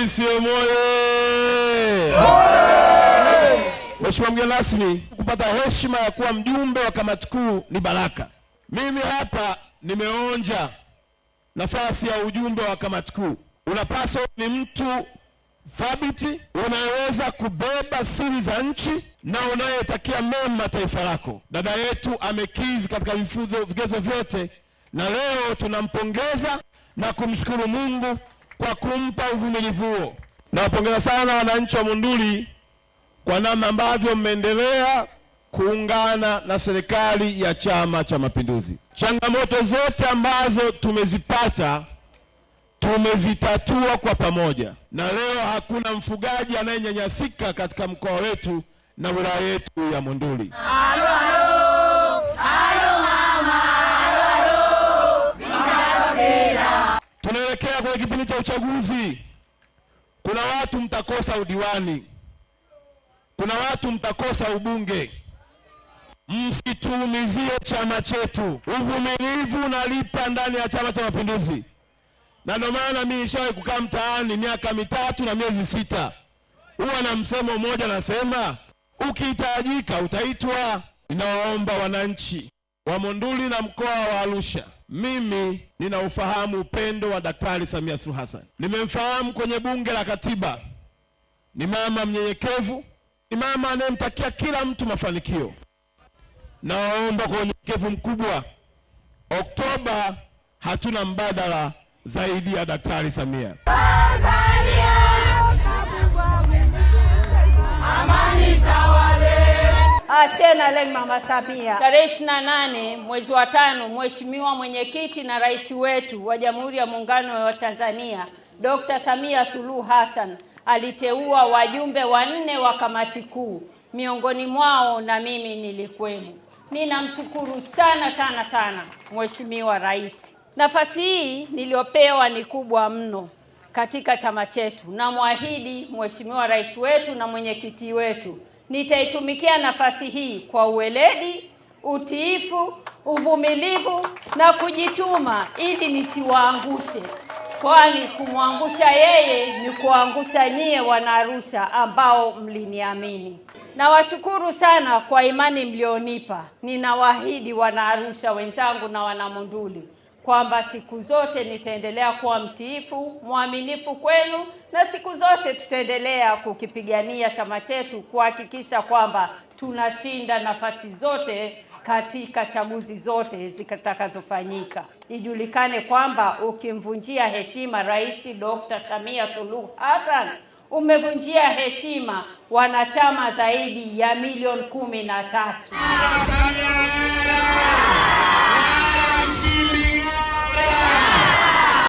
CCM oye! Mheshimiwa mgeni rasmi, kupata heshima ya kuwa mjumbe wa kamati kuu ni baraka. Mimi hapa nimeonja nafasi ya ujumbe wa kamati kuu. Unapaswa ni mtu thabiti, unayeweza kubeba siri za nchi na unayetakia mema taifa lako. Dada yetu amekizi katika vifuzo vigezo vyote, na leo tunampongeza na kumshukuru Mungu kwa kumpa uvumilivu huo. Nawapongeza sana wananchi wa Munduli kwa namna ambavyo mmeendelea kuungana na serikali ya Chama cha Mapinduzi. Changamoto zote ambazo tumezipata tumezitatua kwa pamoja, na leo hakuna mfugaji anayenyanyasika katika mkoa wetu na wilaya yetu ya Monduli. kwenye kipindi cha uchaguzi, kuna watu mtakosa udiwani, kuna watu mtakosa ubunge. msitumizie chama chetu. Uvumilivu unalipa ndani ya Chama cha Mapinduzi, na ndio maana mimi nishawahi kukaa mtaani miaka mitatu na miezi sita, huwa na msemo mmoja nasema, ukihitajika utaitwa. Ninawaomba wananchi wa Monduli na mkoa wa Arusha, mimi nina ufahamu upendo wa Daktari Samia Suluhu Hassan. Nimemfahamu kwenye Bunge la Katiba. Ni mama mnyenyekevu, ni mama anayemtakia kila mtu mafanikio. Naomba kwa unyenyekevu mkubwa, Oktoba hatuna mbadala zaidi ya Daktari Samia. Sena len Mama Samia. Tarehe ishirini na nane mwezi wa tano, Mheshimiwa Mwenyekiti na Rais wetu wa Jamhuri ya Muungano wa Tanzania Dr. Samia Suluhu Hassan aliteua wajumbe wanne wa kamati kuu, miongoni mwao na mimi nilikwemo. Ninamshukuru sana sana sana Mheshimiwa Rais. Nafasi hii niliyopewa ni kubwa mno katika chama chetu. Namwahidi Mheshimiwa Rais wetu na mwenyekiti wetu nitaitumikia nafasi hii kwa uweledi, utiifu, uvumilivu na kujituma ili nisiwaangushe, kwani kumwangusha yeye ni kuangusha nyie Wanaarusha ambao mliniamini. Nawashukuru sana kwa imani mlionipa. Ninawaahidi Wanaarusha wenzangu na Wanamunduli kwamba siku zote nitaendelea kuwa mtiifu, mwaminifu kwenu na siku zote tutaendelea kukipigania chama chetu kuhakikisha kwamba tunashinda nafasi zote katika chaguzi zote zitakazofanyika. Ijulikane kwamba ukimvunjia heshima Rais Dr. Samia Suluhu Hassan umevunjia heshima wanachama zaidi ya milioni kumi na tatu.